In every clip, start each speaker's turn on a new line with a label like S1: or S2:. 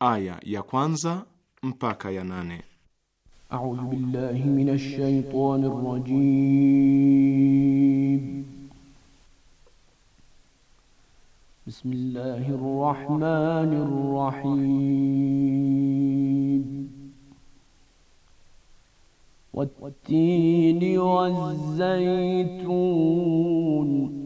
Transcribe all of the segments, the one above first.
S1: aya ya kwanza mpaka ya nane.
S2: A'udhu billahi minash shaitani rajim. Bismillahir rahmanir rahim. Wat-tini waz-zaytun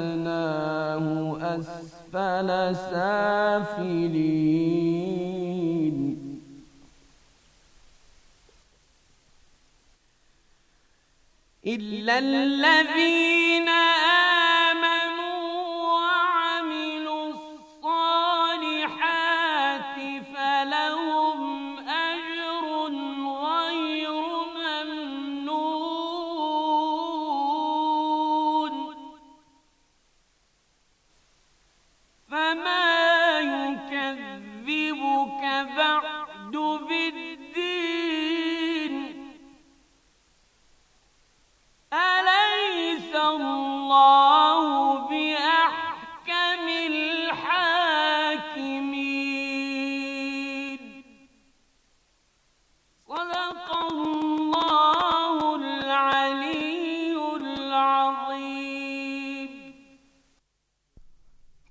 S2: فلسافلين إلا الذين آمنوا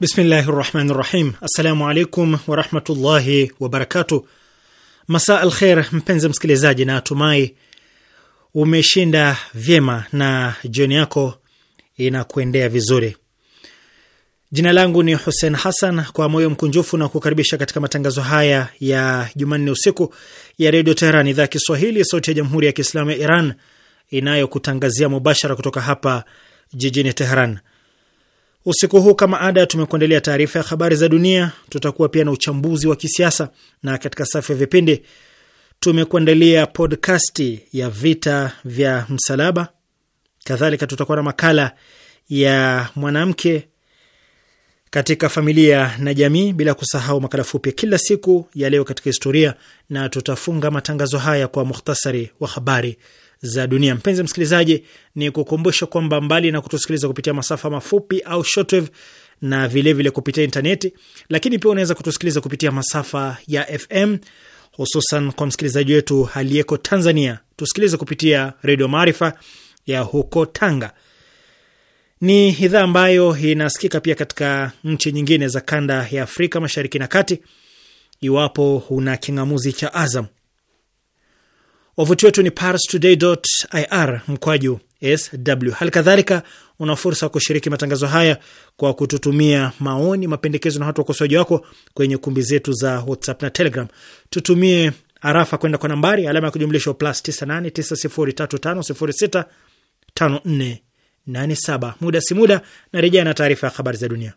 S3: Bismillahi rahmani rahim. Assalamu alaikum warahmatullahi wabarakatu. Masa al kher, mpenzi msikilizaji, na atumai umeshinda vyema na jioni yako inakuendea vizuri. Jina langu ni Hussein Hassan, kwa moyo mkunjufu na kukaribisha katika matangazo haya ya Jumanne usiku ya Redio Teheran, idhaa ya Kiswahili, sauti ya Jamhuri ya Kiislamu ya Iran inayokutangazia mubashara kutoka hapa jijini Teheran. Usiku huu kama ada, tumekuandalia taarifa ya habari za dunia, tutakuwa pia na uchambuzi wa kisiasa, na katika safu ya vipindi tumekuandalia podkasti ya vita vya msalaba. Kadhalika tutakuwa na makala ya mwanamke katika familia na jamii, bila kusahau makala fupi kila siku ya leo katika historia, na tutafunga matangazo haya kwa muhtasari wa habari za dunia. Mpenzi msikilizaji, ni kukumbusha kwamba mbali na kutusikiliza kupitia masafa mafupi au shortwave na vilevile vile kupitia intaneti, lakini pia unaweza kutusikiliza kupitia masafa ya FM hususan kwa msikilizaji wetu aliyeko Tanzania, tusikilize kupitia Redio Maarifa ya huko Tanga. Ni idhaa ambayo inasikika pia katika nchi nyingine za kanda ya Afrika Mashariki na Kati, iwapo una king'amuzi cha Azam. Wavuti wetu ni parstoday.ir mkwaju sw. Hali kadhalika una fursa ya kushiriki matangazo haya kwa kututumia maoni, mapendekezo na hata ukosoaji wako kwenye kumbi zetu za WhatsApp na Telegram. Tutumie arafa kwenda kwa nambari alama ya kujumlisha plus 989035065487. Muda si muda na rejea na taarifa ya habari za dunia.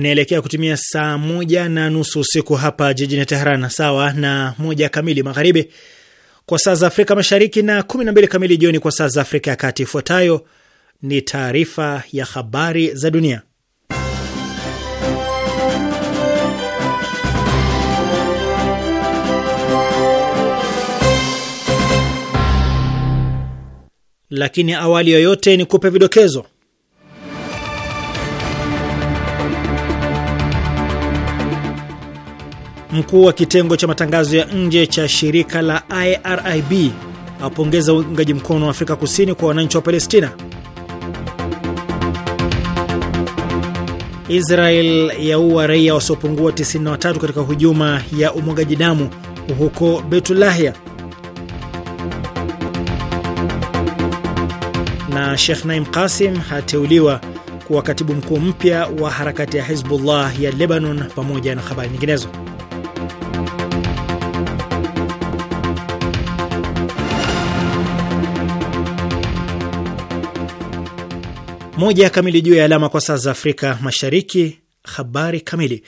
S3: inaelekea kutumia saa moja na nusu usiku hapa jijini teheran sawa na moja kamili magharibi kwa saa za Afrika Mashariki na 12 kamili jioni kwa saa za Afrika ya Kati. Ifuatayo ni taarifa ya habari za dunia, lakini awali yoyote ni kupe vidokezo Mkuu wa kitengo cha matangazo ya nje cha shirika la IRIB apongeza uungaji mkono wa Afrika Kusini kwa wananchi wa Palestina. Israel yaua raia wasiopungua 93 katika hujuma ya umwagaji damu huko Betulahia. Na Sheikh Naim Qasim ateuliwa kuwa katibu mkuu mpya wa harakati ya Hizbullah ya Lebanon, pamoja na habari nyinginezo. Moja kamili juu ya alama kwa saa za Afrika Mashariki. Habari kamili.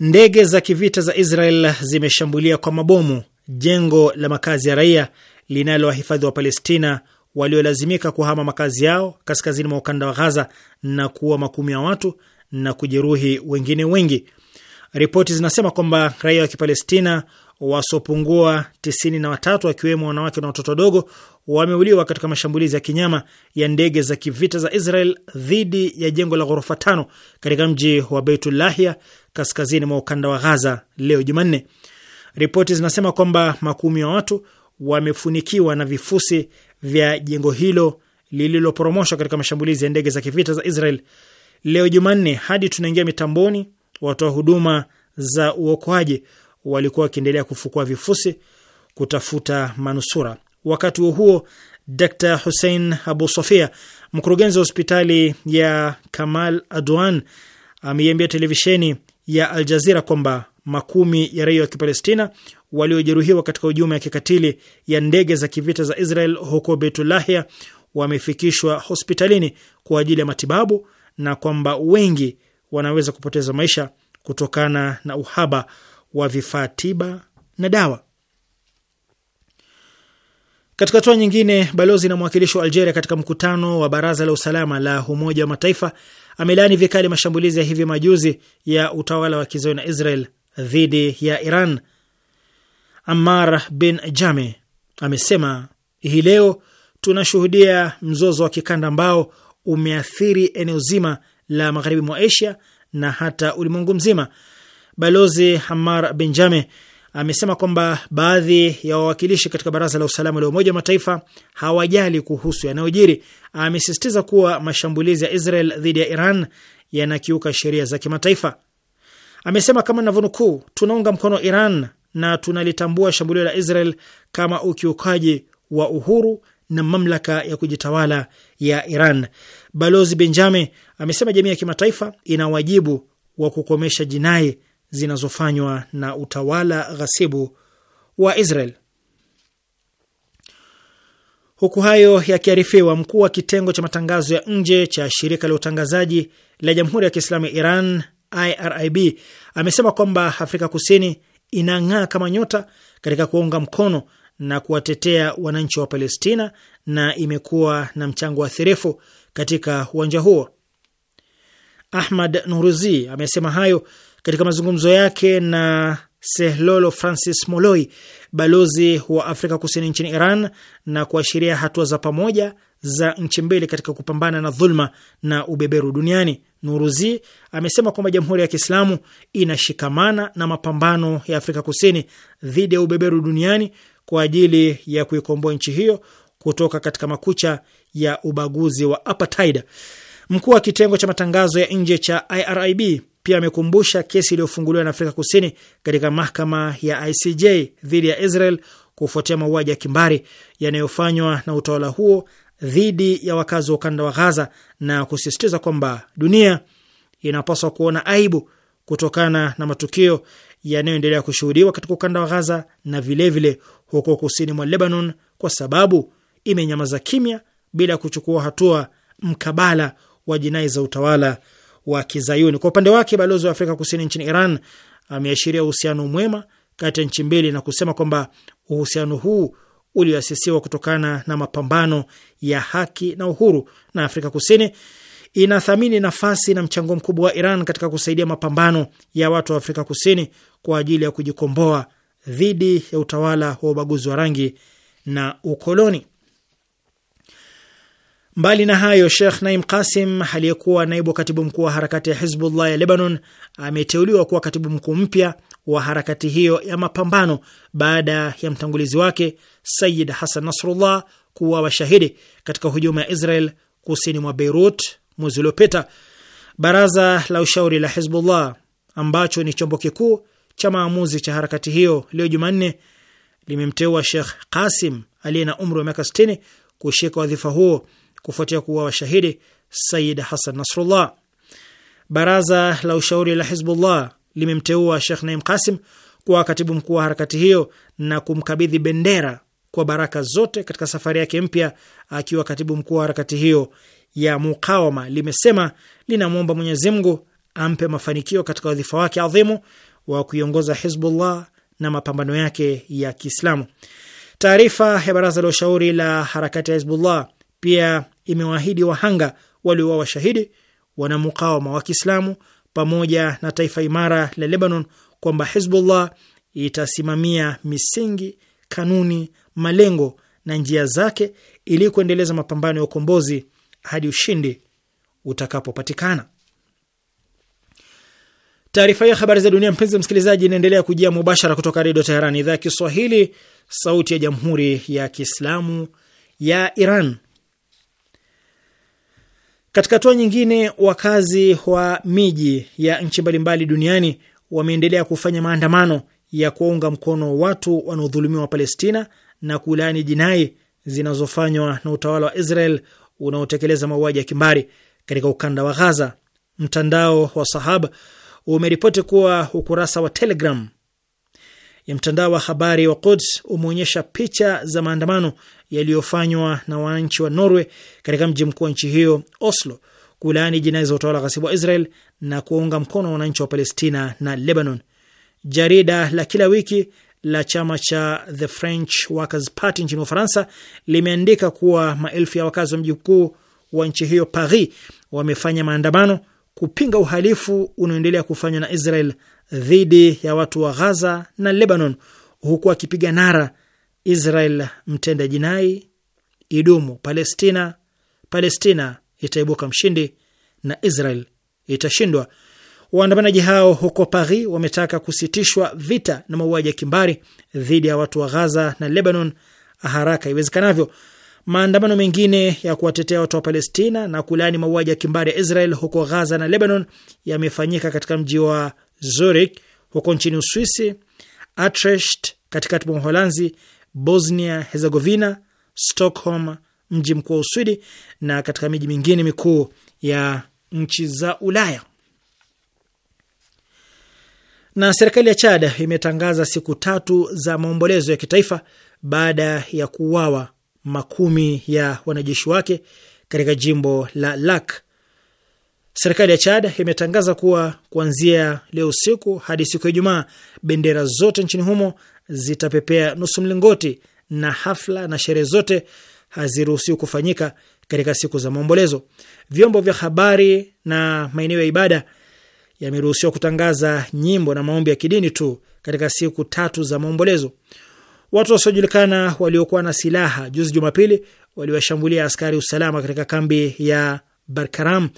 S3: Ndege za kivita za Israel zimeshambulia kwa mabomu jengo la makazi ya raia linalowahifadhi wa Palestina waliolazimika kuhama makazi yao kaskazini mwa ukanda wa Ghaza na kuua makumi ya watu na kujeruhi wengine wengi. Ripoti zinasema kwamba raia wa Kipalestina wasiopungua tisini na watatu wakiwemo wanawake na watoto wadogo wameuliwa katika mashambulizi ya kinyama ya ndege za kivita za Israel dhidi ya jengo la ghorofa tano katika mji wa Beitulahia kaskazini mwa ukanda wa Ghaza leo Jumanne. Ripoti zinasema kwamba makumi ya wa watu wamefunikiwa na vifusi vya jengo hilo lililoporomoshwa katika mashambulizi ya ndege za kivita za Israel leo Jumanne. Hadi tunaingia mitamboni, watoa huduma za uokoaji walikuwa wakiendelea kufukua vifusi kutafuta manusura. Wakati huo huo, Dr Hussein Abu Sofia, mkurugenzi wa hospitali ya Kamal Adwan, ameiambia televisheni ya Al Jazira kwamba makumi ya raia wa Kipalestina waliojeruhiwa katika hujuma ya kikatili ya ndege za kivita za Israel huko Betulahia wamefikishwa hospitalini kwa ajili ya matibabu na kwamba wengi wanaweza kupoteza maisha kutokana na uhaba wa vifaa tiba na dawa. Katika hatua nyingine, balozi na mwakilishi wa Algeria katika mkutano wa baraza la usalama la Umoja wa Mataifa amelaani vikali mashambulizi ya hivi majuzi ya utawala wa kizoe na Israel dhidi ya Iran. Ammar bin Jame amesema hii leo tunashuhudia mzozo wa kikanda ambao umeathiri eneo zima la magharibi mwa Asia na hata ulimwengu mzima. Balozi Hamar Benjame amesema kwamba baadhi ya wawakilishi katika baraza la usalama la Umoja wa Mataifa hawajali kuhusu yanayojiri. Amesisitiza kuwa mashambulizi ya Israel dhidi ya Iran yanakiuka sheria za kimataifa. Amesema kama navyonukuu, tunaunga mkono Iran na tunalitambua shambulio la Israel kama ukiukaji wa uhuru na mamlaka ya kujitawala ya Iran. Balozi Benjame amesema jamii ya kimataifa ina wajibu wa kukomesha jinai zinazofanywa na utawala ghasibu wa Israel. Huku hayo yakiarifiwa, mkuu wa kitengo cha matangazo ya nje cha shirika la utangazaji la Jamhuri ya Kiislamu ya Iran IRIB amesema kwamba Afrika Kusini inang'aa kama nyota katika kuunga mkono na kuwatetea wananchi wa Palestina na imekuwa na mchango athirifu katika uwanja huo. Ahmad Nuruzi amesema hayo katika mazungumzo yake na Sehlolo Francis Moloi, balozi wa Afrika Kusini nchini Iran, na kuashiria hatua za pamoja za nchi mbili katika kupambana na dhulma na ubeberu duniani. Nuruzi amesema kwamba Jamhuri ya Kiislamu inashikamana na mapambano ya Afrika Kusini dhidi ya ubeberu duniani kwa ajili ya kuikomboa nchi hiyo kutoka katika makucha ya ubaguzi wa apartheid. Mkuu wa kitengo cha matangazo ya nje cha IRIB pia amekumbusha kesi iliyofunguliwa na Afrika Kusini katika mahakama ya ICJ dhidi ya Israel kufuatia mauaji ya kimbari yanayofanywa na utawala huo dhidi ya wakazi wa ukanda wa Ghaza na kusisitiza kwamba dunia inapaswa kuona aibu kutokana na matukio yanayoendelea kushuhudiwa katika ukanda wa Ghaza na vilevile vile huko kusini mwa Lebanon, kwa sababu imenyamaza kimya bila kuchukua hatua mkabala wa jinai za utawala wa Kizayuni. Kwa upande wake, balozi wa Afrika Kusini nchini Iran ameashiria uhusiano mwema kati ya nchi mbili na kusema kwamba uhusiano huu ulioasisiwa kutokana na mapambano ya haki na uhuru, na Afrika Kusini inathamini nafasi na mchango mkubwa wa Iran katika kusaidia mapambano ya watu wa Afrika Kusini kwa ajili ya kujikomboa dhidi ya utawala wa ubaguzi wa rangi na ukoloni. Mbali na hayo, Shekh Naim Kasim aliyekuwa naibu katibu mkuu wa harakati ya Hizbullah ya Lebanon ameteuliwa kuwa katibu mkuu mpya wa harakati hiyo ya mapambano baada ya mtangulizi wake Sayid Hasan Nasrullah kuwa washahidi katika hujuma ya Israel kusini mwa Beirut mwezi uliopita. Baraza la ushauri la Hizbullah ambacho ni chombo kikuu cha maamuzi cha harakati hiyo, leo Jumanne limemteua Shekh Kasim aliye na umri wa miaka 60 kushika wadhifa huo kufuatia kuwa washahidi Said Hasan Nasrullah. Baraza la ushauri la Hizbullah limemteua Shekh Naim Kasim kuwa katibu mkuu wa harakati hiyo na kumkabidhi bendera kwa baraka zote katika safari yake mpya akiwa katibu mkuu wa harakati hiyo ya Mukawama. Limesema linamwomba Mwenyezi Mungu ampe mafanikio katika wadhifa wake adhimu wa kuiongoza Hizbullah na mapambano yake ya Kiislamu. Taarifa ya baraza la ushauri la harakati ya Hizbullah pia imewaahidi wahanga waliowa washahidi wanamukawama wa Kiislamu pamoja na taifa imara la Lebanon kwamba Hizbullah itasimamia misingi, kanuni, malengo na njia zake ili kuendeleza mapambano ya ukombozi hadi ushindi utakapopatikana. Taarifa ya habari za dunia, mpenzi msikilizaji, inaendelea kujia mubashara kutoka Redio Teheran, idhaa ya Kiswahili, sauti ya jamhuri ya Kiislamu ya Iran. Katika hatua nyingine, wakazi wa miji ya nchi mbalimbali duniani wameendelea kufanya maandamano ya kuwaunga mkono watu wanaodhulumiwa wa Palestina na kulaani jinai zinazofanywa na utawala wa Israel unaotekeleza mauaji ya kimbari katika ukanda wa Ghaza. Mtandao wa Sahab umeripoti kuwa ukurasa wa Telegram ya mtandao wa habari wa Quds umeonyesha picha za maandamano yaliyofanywa na wananchi wa Norway katika mji mkuu wa nchi hiyo Oslo, kulaani jinai za utawala ghasibu wa Israel na kuwaunga mkono wananchi wa Palestina na Lebanon. Jarida la kila wiki la chama cha The French Workers Party nchini Ufaransa limeandika kuwa maelfu ya wakazi wa mji mkuu wa nchi hiyo Paris wamefanya maandamano kupinga uhalifu unaoendelea kufanywa na Israel dhidi ya watu wa Ghaza na Lebanon, huku akipiga nara Israel mtenda jinai idumu. Palestina, Palestina itaibuka mshindi na Israel itashindwa. Waandamanaji hao huko Paris wametaka kusitishwa vita na mauaji ya kimbari dhidi ya watu wa Ghaza na Lebanon haraka iwezekanavyo. Maandamano mengine ya kuwatetea watu wa Palestina na kulaani mauaji ya kimbari ya Israel huko Ghaza na Lebanon yamefanyika katika mji wa Zurich huko nchini Uswisi, Utrecht katikati mwa Uholanzi, Bosnia Herzegovina, Stockholm mji mkuu wa Uswidi, na katika miji mingine mikuu ya nchi za Ulaya. Na serikali ya Chad imetangaza siku tatu za maombolezo ya kitaifa baada ya kuuawa makumi ya wanajeshi wake katika jimbo la Lak Serikali ya Chad imetangaza kuwa kuanzia leo usiku hadi siku ya Ijumaa, bendera zote nchini humo zitapepea nusu mlingoti na hafla na sherehe zote haziruhusiwi kufanyika katika siku za maombolezo. Vyombo vya habari na maeneo ya ibada yameruhusiwa kutangaza nyimbo na maombi ya kidini tu katika siku tatu za maombolezo. Watu wasiojulikana waliokuwa na silaha juzi Jumapili waliwashambulia askari usalama katika kambi ya Barkaram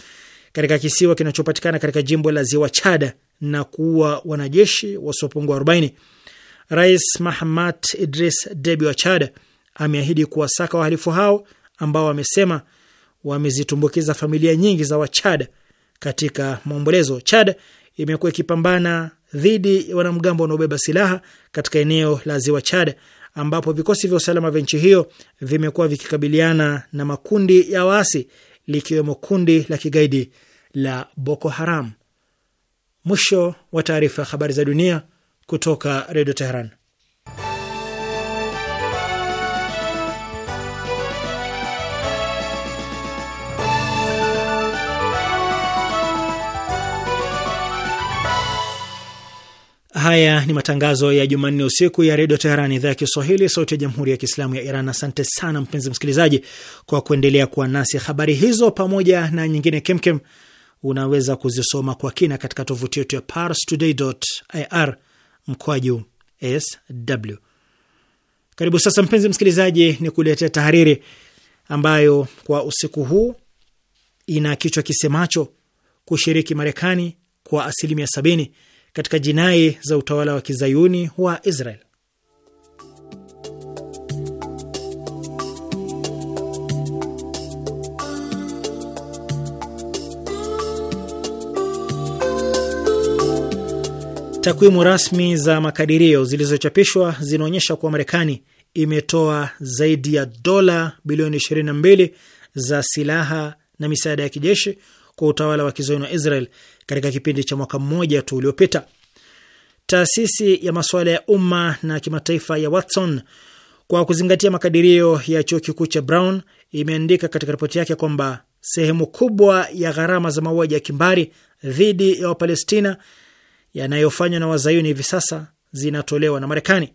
S3: katika kisiwa kinachopatikana katika jimbo la ziwa Chada na kuua wanajeshi wasiopungua 40. Rais Mahamat Idris Debi wa Chada ameahidi kuwasaka wahalifu hao ambao wamesema wamezitumbukiza familia nyingi za Wachada katika maombolezo. Chad imekuwa ikipambana dhidi ya wanamgambo wanaobeba silaha katika eneo la ziwa Chad, ambapo vikosi vya usalama vya nchi hiyo vimekuwa vikikabiliana na makundi ya waasi likiwemo kundi la kigaidi la Boko Haram. Mwisho wa taarifa ya habari za dunia kutoka Redio Teheran. Haya ni matangazo ya Jumanne usiku ya redio Teheran, idhaa ya Kiswahili, sauti ya jamhuri ya kiislamu ya Iran. Asante sana mpenzi msikilizaji kwa kuendelea kuwa nasi. Habari hizo pamoja na nyingine kemkem unaweza kuzisoma kwa kina katika tovuti yetu ya parstoday.ir mkwaju sw. Karibu sasa, mpenzi msikilizaji, ni kuletea tahariri ambayo kwa usiku huu ina kichwa kisemacho kushiriki Marekani kwa asilimia sabini katika jinai za utawala wa kizayuni wa Israel. Takwimu rasmi za makadirio zilizochapishwa zinaonyesha kuwa Marekani imetoa zaidi ya dola bilioni 22 za silaha na misaada ya kijeshi kwa utawala wa kizayuni wa Israel katika kipindi cha mwaka mmoja tu uliopita. Taasisi ya masuala ya umma na kimataifa ya Watson kwa kuzingatia makadirio ya chuo kikuu cha Brown imeandika katika ripoti yake kwamba sehemu kubwa ya gharama za mauaji ya kimbari dhidi ya Wapalestina yanayofanywa na wazayuni hivi sasa zinatolewa na Marekani.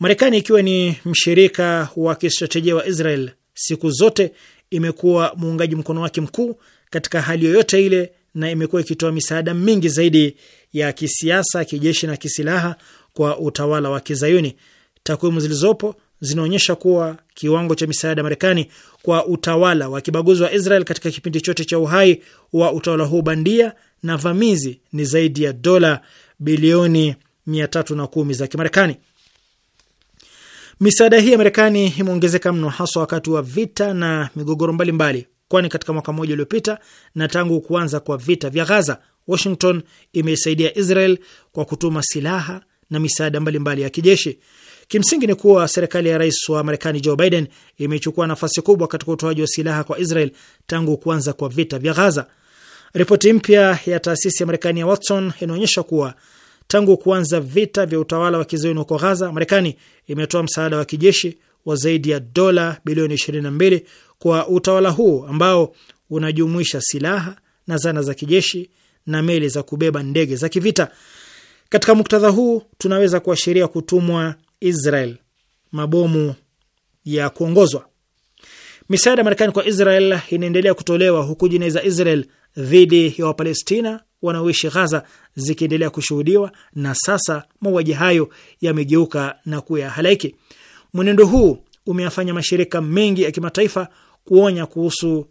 S3: Marekani ikiwa ni mshirika wa kistratejia wa Israel, siku zote imekuwa muungaji mkono wake mkuu katika hali yoyote ile na imekuwa ikitoa misaada mingi zaidi ya kisiasa, kijeshi na kisilaha kwa utawala wa Kizayuni. Takwimu zilizopo zinaonyesha kuwa kiwango cha misaada ya Marekani kwa utawala wa kibaguzi wa Israel katika kipindi chote cha uhai wa utawala huu bandia na vamizi ni zaidi ya dola bilioni 310 za Kimarekani. Misaada hii ya Marekani imeongezeka mno, haswa wakati wa vita na migogoro mbalimbali mbali kwani katika mwaka mmoja uliopita na tangu kuanza kwa vita vya Ghaza, Washington imeisaidia Israel kwa kutuma silaha na misaada mbalimbali mbali ya kijeshi. Kimsingi ni kuwa serikali ya rais wa Marekani Joe Biden imechukua nafasi kubwa katika utoaji wa silaha kwa Israel tangu kuanza kwa vita vya Ghaza. Ripoti mpya ya taasisi ya Marekani ya Watson inaonyesha kuwa tangu kuanza vita vya utawala wa kizayuni huko Ghaza, Marekani imetoa msaada wa kijeshi wa zaidi ya dola bilioni 22 kwa utawala huo ambao unajumuisha silaha na zana za kijeshi na meli za kubeba ndege za kivita. Katika muktadha huu, tunaweza kuashiria kutumwa Israel mabomu ya kuongozwa. Misaada ya Marekani kwa Israel inaendelea kutolewa huku jinai za Israel dhidi ya Wapalestina wanaoishi Ghaza zikiendelea kushuhudiwa, na sasa mauaji hayo yamegeuka na kuya halaiki. Mwenendo huu umeyafanya mashirika mengi ya kimataifa kuonya kuhusu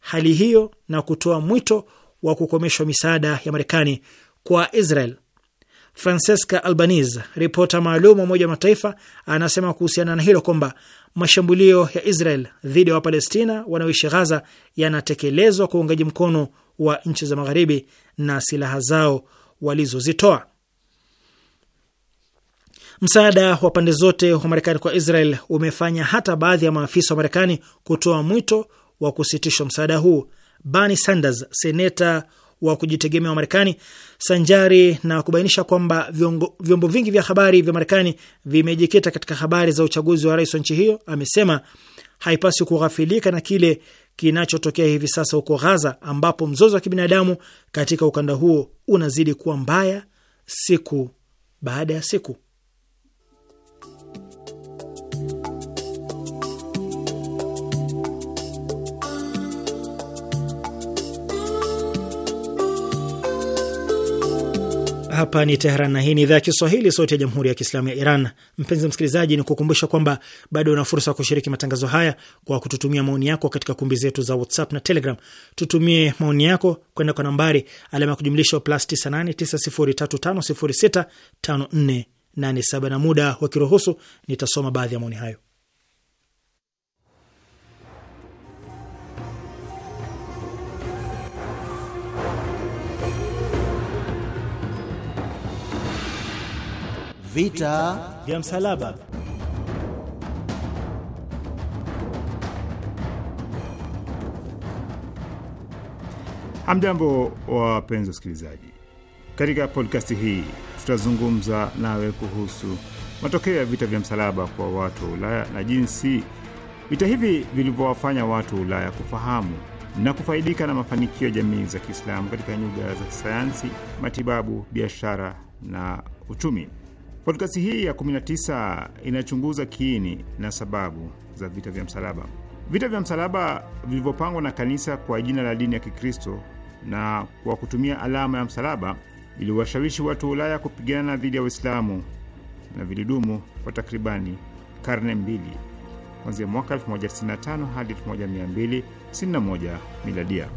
S3: hali hiyo na kutoa mwito wa kukomeshwa misaada ya Marekani kwa Israel. Francesca Albanese, ripota maalum wa Umoja wa Mataifa, anasema kuhusiana na hilo kwamba mashambulio ya Israel dhidi ya Wapalestina wanaoishi Ghaza yanatekelezwa kwa uungaji mkono wa nchi za Magharibi na silaha zao walizozitoa. Msaada wa pande zote wa Marekani kwa Israel umefanya hata baadhi ya maafisa wa Marekani kutoa mwito wa kusitishwa msaada huu. Bernie Sanders, seneta wa kujitegemea wa Marekani, sanjari na kubainisha kwamba vyombo, vingi vya habari vya Marekani vimejikita katika habari za uchaguzi wa rais wa nchi hiyo, amesema haipasi kughafilika na kile kinachotokea hivi sasa huko Ghaza, ambapo mzozo wa kibinadamu katika ukanda huo unazidi kuwa mbaya siku baada ya siku. Hapa ni Tehran na hii ni idhaa ya Kiswahili, sauti ya jamhuri ya kiislamu ya Iran. Mpenzi msikilizaji, ni kukumbusha kwamba bado una fursa ya kushiriki matangazo haya kwa kututumia maoni yako katika kumbi zetu za WhatsApp na Telegram. Tutumie maoni yako kwenda kwa nambari alama ya kujumlisha plus 989035065487, na muda wakiruhusu nitasoma baadhi ya maoni hayo.
S1: Vita vya msalaba. Hamjambo, wapenzi wasikilizaji. Katika podkasti hii tutazungumza nawe kuhusu matokeo ya vita vya msalaba kwa watu wa Ulaya na jinsi vita hivi vilivyowafanya watu wa Ulaya kufahamu na kufaidika na mafanikio ya jamii za Kiislamu katika nyuga za sayansi, matibabu, biashara na uchumi. Podkasti hii ya 19 inachunguza kiini na sababu za vita vya msalaba. Vita vya msalaba vilivyopangwa na kanisa kwa jina la dini ya Kikristo na kwa kutumia alama ya msalaba viliwashawishi watu wa Ulaya kupigana dhidi ya Waislamu na vilidumu kwa takribani karne mbili kuanzia mwaka 1065 hadi 1261 miladia.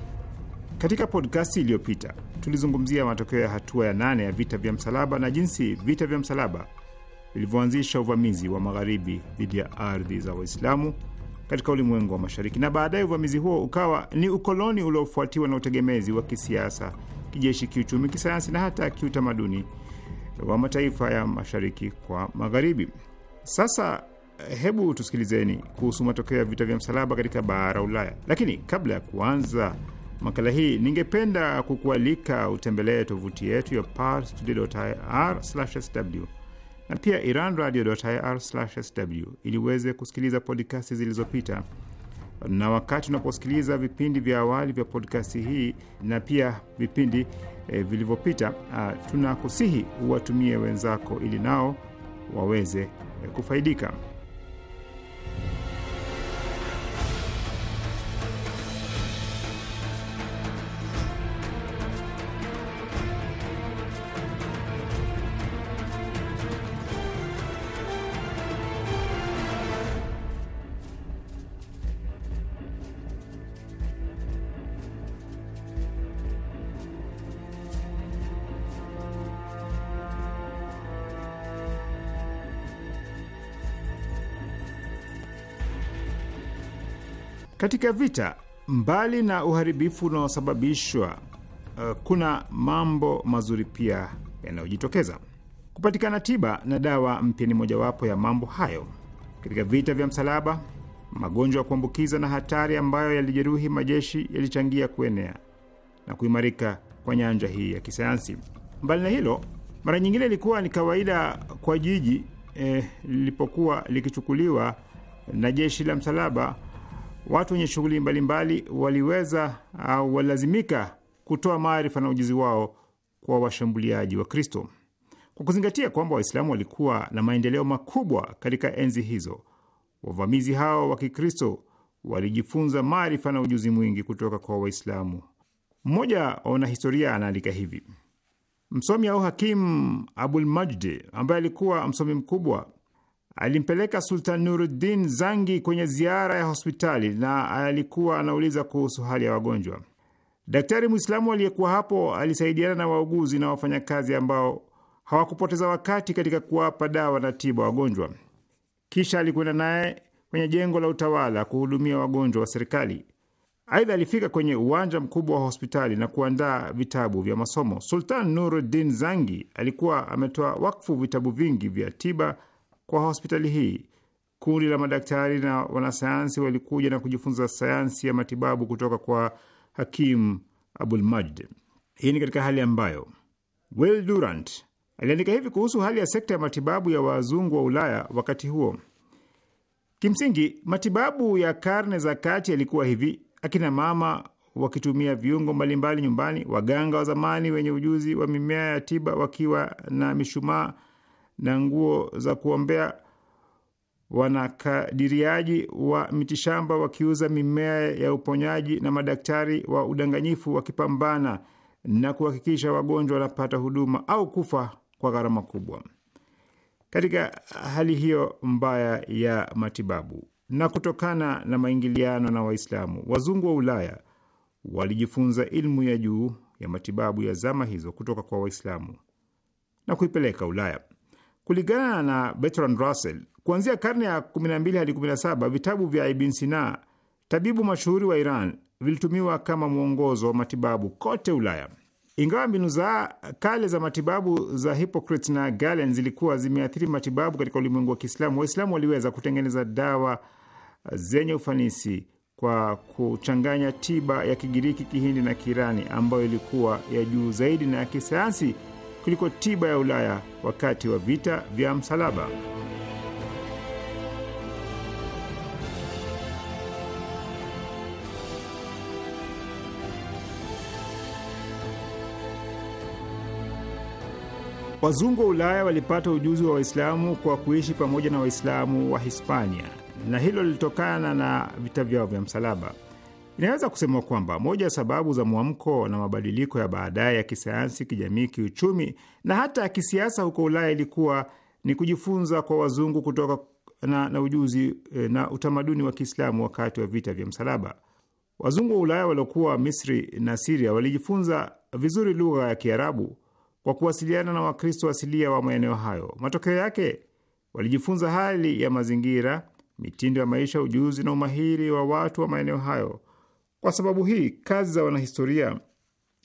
S1: Katika podkasti iliyopita tulizungumzia matokeo ya hatua ya nane ya vita vya msalaba na jinsi vita vya msalaba vilivyoanzisha uvamizi wa magharibi dhidi ya ardhi za Waislamu katika ulimwengu wa mashariki na baadaye uvamizi huo ukawa ni ukoloni uliofuatiwa na utegemezi wa kisiasa, kijeshi, kiuchumi, kisayansi na hata kiutamaduni wa mataifa ya mashariki kwa magharibi. Sasa hebu tusikilizeni kuhusu matokeo ya vita vya msalaba katika bara Ulaya, lakini kabla ya kuanza makala hii, ningependa kukualika utembelee tovuti yetu ya parstoday.ir/sw na pia iranradio.ir/sw ili uweze kusikiliza podkasti zilizopita na wakati unaposikiliza vipindi vya awali vya podkasti hii na pia vipindi eh, vilivyopita, ah, tunakusihi uwatumie wenzako ili nao waweze eh, kufaidika. Katika vita, mbali na uharibifu unaosababishwa, uh, kuna mambo mazuri pia yanayojitokeza. Kupatikana tiba na dawa mpya ni mojawapo ya mambo hayo. Katika vita vya msalaba, magonjwa ya kuambukiza na hatari ambayo yalijeruhi majeshi yalichangia kuenea na kuimarika kwa nyanja hii ya kisayansi. Mbali na hilo, mara nyingine ilikuwa ni kawaida kwa jiji eh, lilipokuwa eh, likichukuliwa na jeshi la msalaba watu wenye shughuli mbalimbali waliweza au walilazimika kutoa maarifa na ujuzi wao kwa washambuliaji wa Kristo. Kwa kuzingatia kwamba Waislamu walikuwa na maendeleo makubwa katika enzi hizo, wavamizi hao wa Kikristo walijifunza maarifa na ujuzi mwingi kutoka kwa Waislamu. Mmoja wa wanahistoria anaandika hivi: msomi au hakimu Abulmajdi, ambaye alikuwa msomi mkubwa, alimpeleka Sultan Nuruddin Zangi kwenye ziara ya hospitali na alikuwa anauliza kuhusu hali ya wagonjwa. Daktari Mwislamu aliyekuwa hapo alisaidiana na wauguzi na wafanyakazi ambao hawakupoteza wakati katika kuwapa dawa na tiba wagonjwa. Kisha alikwenda naye kwenye jengo la utawala kuhudumia wagonjwa wa serikali. Aidha, alifika kwenye uwanja mkubwa wa hospitali na kuandaa vitabu vya masomo. Sultan Nuruddin Zangi alikuwa ametoa wakfu vitabu vingi vya tiba kwa hospitali hii kundi la madaktari na wanasayansi walikuja na kujifunza sayansi ya matibabu kutoka kwa Hakim Abulmajd. Hii ni katika hali ambayo Will Durant aliandika hivi kuhusu hali ya sekta ya matibabu ya wazungu wa Ulaya wakati huo: kimsingi matibabu ya karne za kati yalikuwa hivi, akina mama wakitumia viungo mbalimbali nyumbani, waganga wa zamani wenye ujuzi wa mimea ya tiba wakiwa na mishumaa na nguo za kuombea, wanakadiriaji wa mitishamba wakiuza mimea ya uponyaji na madaktari wa udanganyifu wakipambana na kuhakikisha wagonjwa wanapata huduma au kufa kwa gharama kubwa. Katika hali hiyo mbaya ya matibabu na kutokana na maingiliano na Waislamu, wazungu wa Ulaya walijifunza ilmu ya juu ya matibabu ya zama hizo kutoka kwa Waislamu na kuipeleka Ulaya. Kulingana na Bertrand Russell, kuanzia karne ya 12 hadi 17 vitabu vya Ibn Sina, tabibu mashuhuri wa Iran, vilitumiwa kama mwongozo wa matibabu kote Ulaya. Ingawa mbinu za kale za matibabu za Hippocrates na Galen zilikuwa zimeathiri matibabu katika ulimwengu wa Kiislamu, Waislamu waliweza kutengeneza dawa zenye ufanisi kwa kuchanganya tiba ya Kigiriki, Kihindi na kiirani ambayo ilikuwa ya juu zaidi na ya kisayansi kuliko tiba ya Ulaya wakati wa vita vya msalaba. Wazungu wa Ulaya walipata ujuzi wa Waislamu kwa kuishi pamoja na Waislamu wa Hispania, na hilo lilitokana na vita vyao vya msalaba. Inaweza kusema kwamba moja ya sababu za mwamko na mabadiliko ya baadaye ya kisayansi, kijamii, kiuchumi na hata ya kisiasa huko Ulaya ilikuwa ni kujifunza kwa wazungu kutoka na, na ujuzi eh, na utamaduni wa Kiislamu wakati wa vita vya msalaba. Wazungu wa Ulaya waliokuwa Misri na Siria walijifunza vizuri lugha ya Kiarabu kwa kuwasiliana na Wakristo asilia wa maeneo hayo. Matokeo yake walijifunza hali ya mazingira, mitindo ya maisha, ujuzi na umahiri wa watu wa maeneo hayo. Kwa sababu hii, kazi za wanahistoria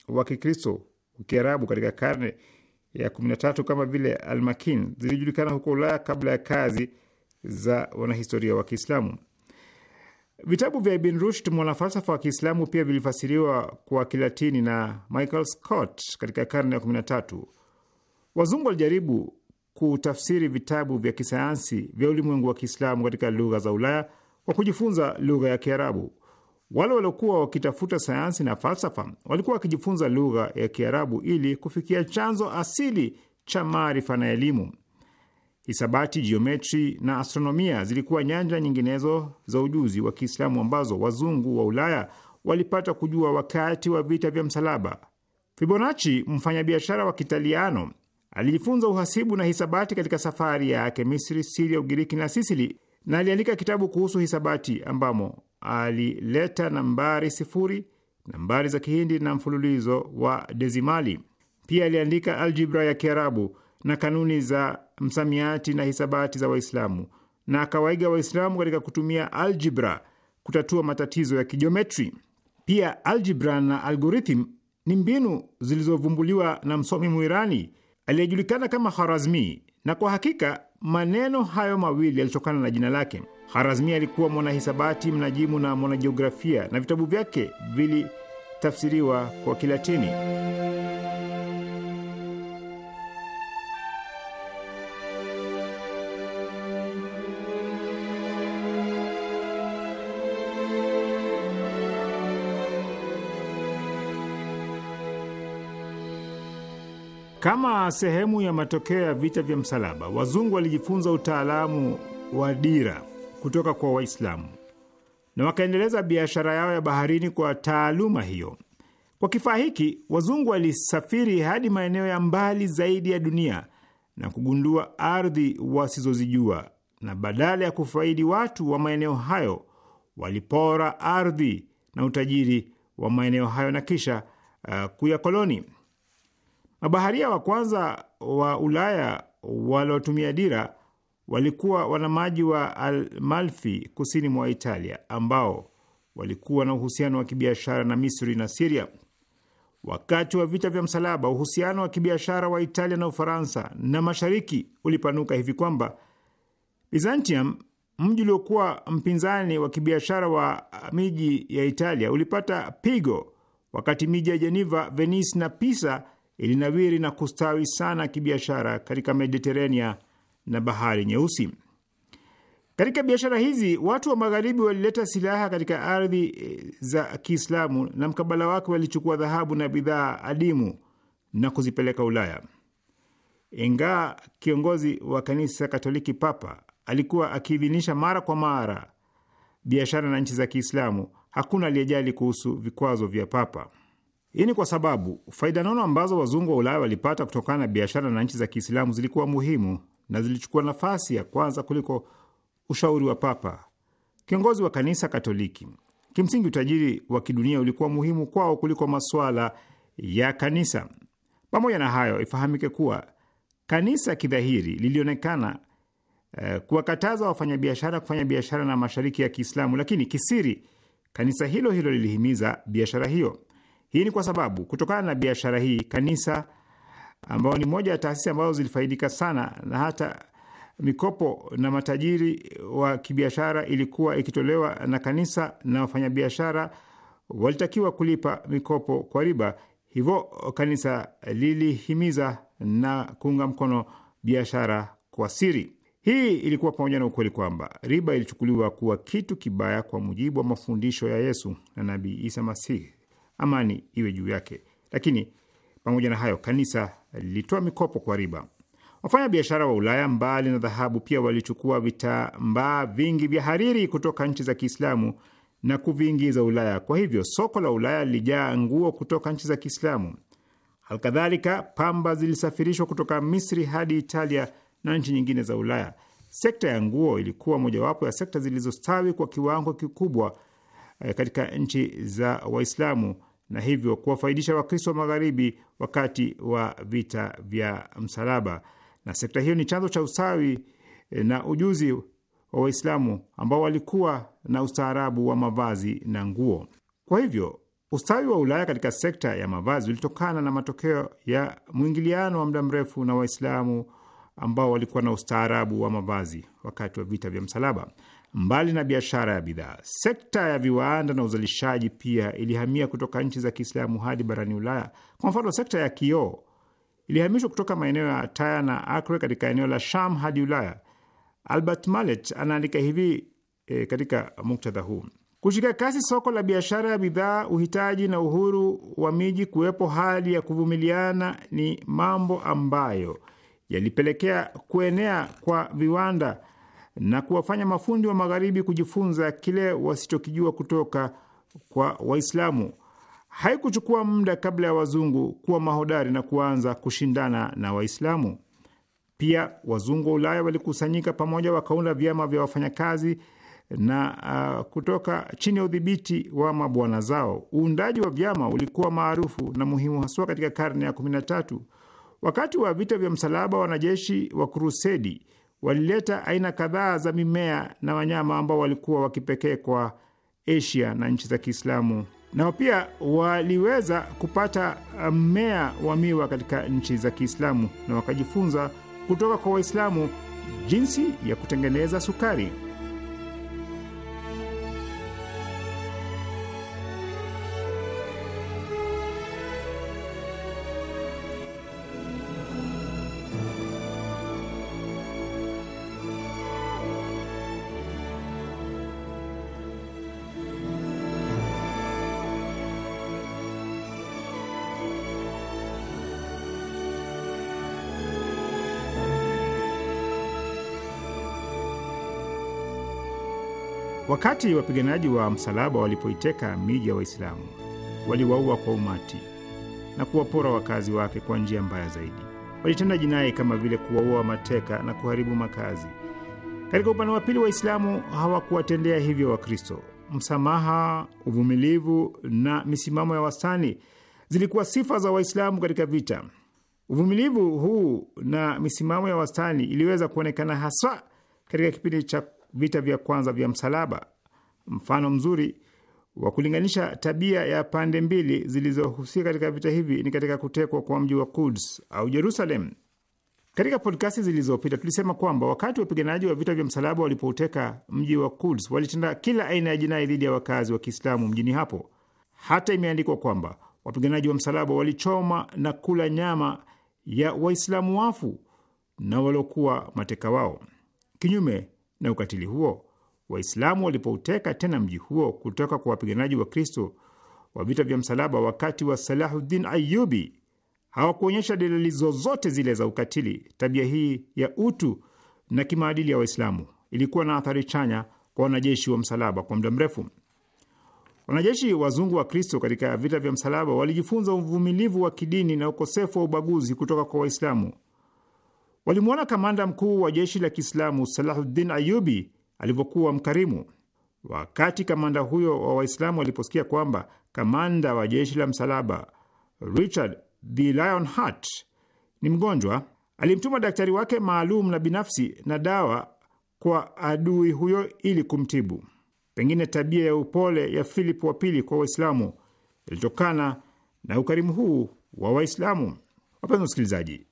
S1: wa Kikristo wa Kiarabu katika karne ya 13 kama vile Almakin zilijulikana huko Ulaya kabla ya kazi za wanahistoria wa Kiislamu. Vitabu vya Ibn Rushd, mwanafalsafa wa Kiislamu, pia vilifasiriwa kwa Kilatini na Michael Scott katika karne ya 13. Wazungu walijaribu kutafsiri vitabu vya kisayansi vya ulimwengu wa Kiislamu katika lugha za Ulaya kwa kujifunza lugha ya Kiarabu. Wale waliokuwa wakitafuta sayansi na falsafa walikuwa wakijifunza lugha ya Kiarabu ili kufikia chanzo asili cha maarifa na elimu. Hisabati, jiometri na astronomia zilikuwa nyanja nyinginezo za ujuzi wa Kiislamu ambazo wazungu wa Ulaya walipata kujua wakati wa vita vya msalaba. Fibonacci, mfanyabiashara wa Kitaliano, alijifunza uhasibu na hisabati katika safari yake Misri, Siria, Ugiriki na Sisili, na aliandika kitabu kuhusu hisabati ambamo alileta nambari sifuri, nambari za Kihindi na mfululizo wa dezimali. Pia aliandika aljibra ya Kiarabu na kanuni za msamiati na hisabati za Waislamu, na akawaiga Waislamu katika kutumia aljibra kutatua matatizo ya kijiometri. Pia aljibra na algorithm ni mbinu zilizovumbuliwa na msomi Mwirani aliyejulikana kama Kharazmi, na kwa hakika maneno hayo mawili yalitokana na jina lake. Harazmi alikuwa mwanahisabati, mnajimu na mwanajiografia na vitabu vyake vilitafsiriwa kwa Kilatini. Kama sehemu ya matokeo ya vita vya msalaba, wazungu walijifunza utaalamu wa dira kutoka kwa Waislamu na wakaendeleza biashara yao ya baharini kwa taaluma hiyo. Kwa kifaa hiki wazungu walisafiri hadi maeneo ya mbali zaidi ya dunia na kugundua ardhi wasizozijua, na badala ya kufaidi watu wa maeneo hayo walipora ardhi na utajiri wa maeneo hayo na kisha uh, kuyakoloni. Mabaharia wa kwanza wa Ulaya waliotumia dira walikuwa wanamaji wa Almalfi kusini mwa Italia ambao walikuwa na uhusiano wa kibiashara na Misri na Siria. Wakati wa vita vya Msalaba, uhusiano wa kibiashara wa Italia na Ufaransa na mashariki ulipanuka hivi kwamba Byzantium, mji uliokuwa mpinzani wa kibiashara wa miji ya Italia, ulipata pigo, wakati miji ya jeneva Venice na Pisa ilinawiri na kustawi sana kibiashara katika Mediterania na Bahari Nyeusi. Katika biashara hizi watu wa magharibi walileta silaha katika ardhi eh, za Kiislamu na mkabala wake walichukua dhahabu na bidhaa adimu na kuzipeleka Ulaya. Ingawa kiongozi wa kanisa Katoliki Papa alikuwa akiidhinisha mara kwa mara biashara na nchi za Kiislamu, hakuna aliyejali kuhusu vikwazo vya Papa. Hii ni kwa sababu faida nono ambazo wazungu wa Ulaya walipata kutokana na biashara na nchi za Kiislamu zilikuwa muhimu na zilichukua nafasi ya kwanza kuliko ushauri wa Papa, kiongozi wa kanisa Katoliki. Kimsingi, utajiri wa kidunia ulikuwa muhimu kwao kuliko masuala ya kanisa. Pamoja na hayo, ifahamike kuwa kanisa kidhahiri lilionekana eh, kuwakataza wafanyabiashara kufanya biashara na mashariki ya Kiislamu, lakini kisiri kanisa hilo hilo lilihimiza biashara hiyo. Hii ni kwa sababu kutokana na biashara hii kanisa ambao ni moja ya taasisi ambazo zilifaidika sana na hata mikopo na matajiri wa kibiashara ilikuwa ikitolewa na kanisa na wafanyabiashara walitakiwa kulipa mikopo kwa riba. Hivyo kanisa lilihimiza na kuunga mkono biashara kwa siri. Hii ilikuwa pamoja na ukweli kwamba riba ilichukuliwa kuwa kitu kibaya kwa mujibu wa mafundisho ya Yesu na Nabii Isa Masihi, amani iwe juu yake. Lakini pamoja na hayo, kanisa lilitoa mikopo kwa riba. Wafanya biashara wa Ulaya, mbali na dhahabu, pia walichukua vitambaa vingi vya hariri kutoka nchi za Kiislamu na kuviingiza Ulaya. Kwa hivyo soko la Ulaya lilijaa nguo kutoka nchi za Kiislamu. Alkadhalika, pamba zilisafirishwa kutoka Misri hadi Italia na nchi nyingine za Ulaya. Sekta ya nguo ilikuwa mojawapo ya sekta zilizostawi kwa kiwango kikubwa eh, katika nchi za Waislamu na hivyo kuwafaidisha Wakristo wa magharibi wakati wa vita vya msalaba. Na sekta hiyo ni chanzo cha ustawi eh, na ujuzi wa Waislamu ambao walikuwa na ustaarabu wa mavazi na nguo. Kwa hivyo ustawi wa Ulaya katika sekta ya mavazi ulitokana na matokeo ya mwingiliano wa muda mrefu na Waislamu ambao walikuwa na ustaarabu wa mavazi wakati wa vita vya msalaba. Mbali na biashara ya bidhaa, sekta ya viwanda na uzalishaji pia ilihamia kutoka nchi za Kiislamu hadi barani Ulaya. Kwa mfano, sekta ya kioo ilihamishwa kutoka maeneo ya Taya na Acre katika eneo la Sham hadi Ulaya. Albert Mallet anaandika hivi e, katika muktadha huu: kushika kasi soko la biashara ya bidhaa, uhitaji na uhuru wa miji, kuwepo hali ya kuvumiliana ni mambo ambayo yalipelekea kuenea kwa viwanda na kuwafanya mafundi wa magharibi kujifunza kile wasichokijua kutoka kwa Waislamu. Haikuchukua muda kabla ya wazungu kuwa mahodari na kuanza kushindana na Waislamu. Pia wazungu wa Ulaya walikusanyika pamoja, wakaunda vyama vya wafanyakazi na uh, kutoka chini ya udhibiti wa mabwana zao. Uundaji wa vyama ulikuwa maarufu na muhimu haswa katika karne ya tatu, Wakati wa vita vya msalaba, wanajeshi wa Krusedi walileta aina kadhaa za mimea na wanyama ambao walikuwa wakipekee kwa Asia na nchi za Kiislamu. Nao pia waliweza kupata uh, mmea wa miwa katika nchi za Kiislamu na wakajifunza kutoka kwa Waislamu jinsi ya kutengeneza sukari. Wakati wapiganaji wa msalaba walipoiteka miji ya Waislamu, waliwaua kwa umati na kuwapora wakazi wake kwa njia mbaya zaidi. Walitenda jinai kama vile kuwaua mateka na kuharibu makazi. Katika upande wa pili, Waislamu hawakuwatendea hivyo Wakristo. Msamaha, uvumilivu na misimamo ya wastani zilikuwa sifa za Waislamu katika vita. Uvumilivu huu na misimamo ya wastani iliweza kuonekana haswa katika kipindi cha vita vya kwanza vya msalaba. Mfano mzuri wa kulinganisha tabia ya pande mbili zilizohusika katika vita hivi ni katika kutekwa kwa mji wa Quds au Jerusalem. Katika podkasti zilizopita tulisema kwamba wakati wapiganaji wa vita vya msalaba walipouteka mji wa Quds walitenda kila aina ya jinai dhidi ya wakazi wa Kiislamu mjini hapo. Hata imeandikwa kwamba wapiganaji wa msalaba walichoma na kula nyama ya Waislamu wafu na waliokuwa mateka wao. Kinyume na ukatili huo Waislamu walipouteka tena mji huo kutoka kwa wapiganaji wa Kristo wa vita vya msalaba wakati wa Salahuddin Ayubi hawakuonyesha dalili zozote zile za ukatili. Tabia hii ya utu na kimaadili ya Waislamu ilikuwa na athari chanya kwa wanajeshi wa msalaba kwa muda mrefu. Wanajeshi wazungu wa Kristo katika vita vya msalaba walijifunza uvumilivu wa kidini na ukosefu wa ubaguzi kutoka kwa Waislamu. Walimwona kamanda mkuu wa jeshi la Kiislamu Salahuddin Ayubi alivyokuwa mkarimu. Wakati kamanda huyo wa Waislamu aliposikia kwamba kamanda wa jeshi la msalaba Richard the Lionheart ni mgonjwa, alimtuma daktari wake maalum na binafsi na dawa kwa adui huyo ili kumtibu. Pengine tabia ya upole ya Philip wa pili kwa Waislamu ilitokana na ukarimu huu wa Waislamu. Wapenzi wasikilizaji,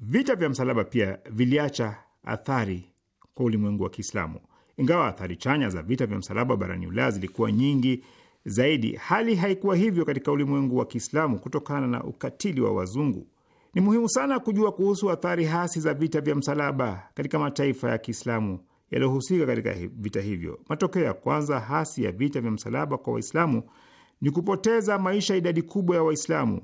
S1: vita vya msalaba pia viliacha athari kwa ulimwengu wa Kiislamu. Ingawa athari chanya za vita vya msalaba barani Ulaya zilikuwa nyingi zaidi, hali haikuwa hivyo katika ulimwengu wa Kiislamu kutokana na ukatili wa wazungu. Ni muhimu sana kujua kuhusu athari hasi za vita vya msalaba katika mataifa ya Kiislamu yaliyohusika katika vita hivyo. Matokeo ya kwanza hasi ya vita vya msalaba kwa Waislamu ni kupoteza maisha idadi kubwa ya Waislamu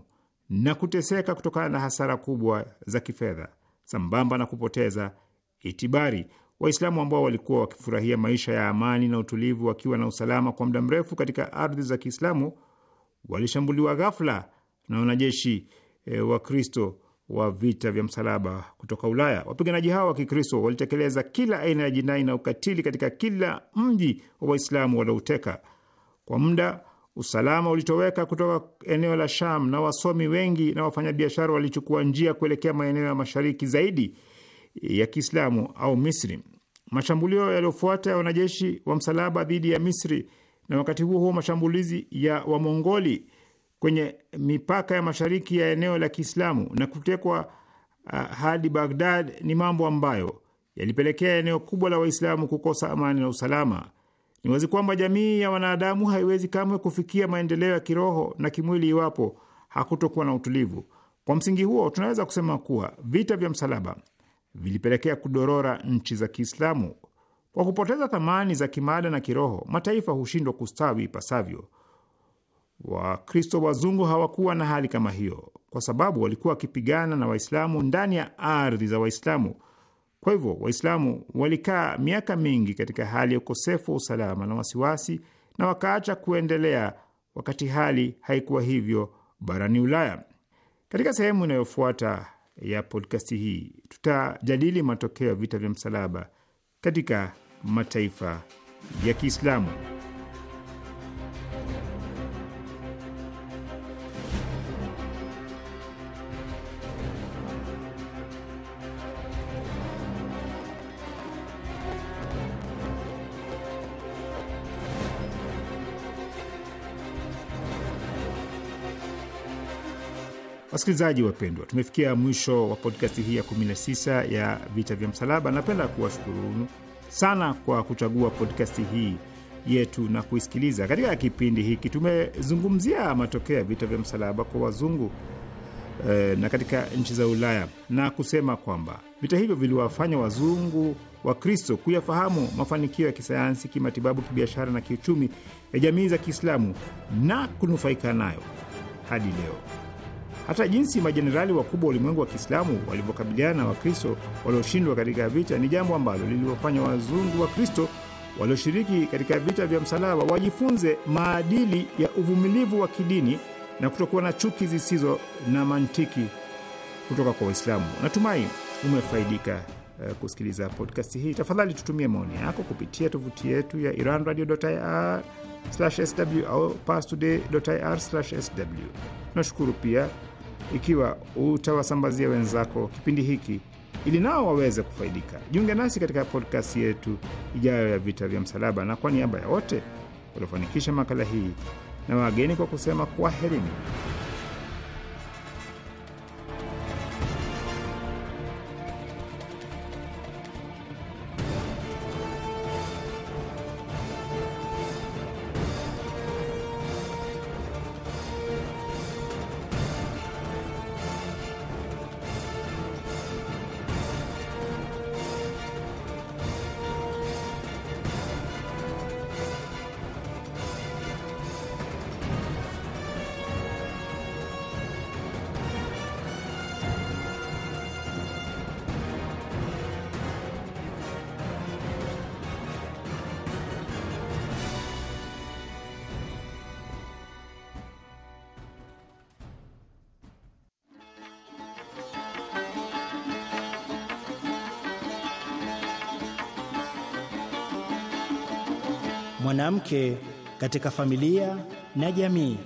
S1: na kuteseka kutokana na hasara kubwa za kifedha sambamba na kupoteza itibari. Waislamu ambao walikuwa wakifurahia maisha ya amani na utulivu wakiwa na usalama kwa muda mrefu katika ardhi za Kiislamu walishambuliwa ghafla na wanajeshi e, wa Kristo wa vita vya msalaba kutoka Ulaya. Wapiganaji hao wa Kikristo walitekeleza kila aina ya jinai na ukatili katika kila mji wa Waislamu walioteka. Kwa muda usalama ulitoweka kutoka eneo la Sham na wasomi wengi na wafanyabiashara walichukua njia kuelekea maeneo ya mashariki zaidi ya Kiislamu au Misri. Mashambulio yaliyofuata ya wanajeshi wa msalaba dhidi ya Misri na wakati huo huo mashambulizi ya Wamongoli kwenye mipaka ya mashariki ya eneo la Kiislamu na kutekwa uh, hadi Baghdad ni mambo ambayo yalipelekea eneo kubwa la Waislamu kukosa amani na usalama. Ni wazi kwamba jamii ya wanadamu haiwezi kamwe kufikia maendeleo ya kiroho na kimwili iwapo hakutokuwa na utulivu. Kwa msingi huo, tunaweza kusema kuwa vita vya msalaba vilipelekea kudorora nchi za Kiislamu. Kwa kupoteza thamani za kimaada na kiroho, mataifa hushindwa kustawi ipasavyo. Wakristo wazungu hawakuwa na hali kama hiyo, kwa sababu walikuwa wakipigana na Waislamu ndani ya ardhi za Waislamu. Kwa hivyo, Waislamu walikaa miaka mingi katika hali ya ukosefu wa usalama na wasiwasi, na wakaacha kuendelea, wakati hali haikuwa hivyo barani Ulaya. Katika sehemu inayofuata ya podkasti hii tutajadili matokeo ya vita vya msalaba katika mataifa ya Kiislamu. Wasikilizaji wapendwa, tumefikia mwisho wa podkasti hii ya 19 ya Vita vya Msalaba. Napenda kuwashukuru sana kwa kuchagua podkasti hii yetu na kuisikiliza. Katika kipindi hiki tumezungumzia matokeo ya vita vya msalaba kwa wazungu e, na katika nchi za Ulaya na kusema kwamba vita hivyo viliwafanya wazungu wa Kristo kuyafahamu mafanikio ya kisayansi, kimatibabu, kibiashara na kiuchumi ya jamii za Kiislamu na kunufaika nayo hadi leo. Hata jinsi majenerali wakubwa wa ulimwengu wa Kiislamu walivyokabiliana na Wakristo walioshindwa katika vita ni jambo ambalo liliwafanya wazungu wa kristo walioshiriki katika vita vya msalaba wajifunze maadili ya uvumilivu wa kidini na kutokuwa na chuki zisizo na mantiki kutoka kwa Waislamu. Natumai umefaidika eh, kusikiliza podcast hii. Tafadhali tutumie maoni yako kupitia tovuti yetu ya iranradio.ir/sw au pastodayir sw Tunashukuru pia ikiwa utawasambazia wenzako kipindi hiki ili nao waweze kufaidika. Jiunge nasi katika podkasti yetu ijayo ya Vita vya Msalaba, na kwa niaba ya wote waliofanikisha makala hii na wageni kwa kusema kwaherini.
S3: mwanamke katika familia na jamii.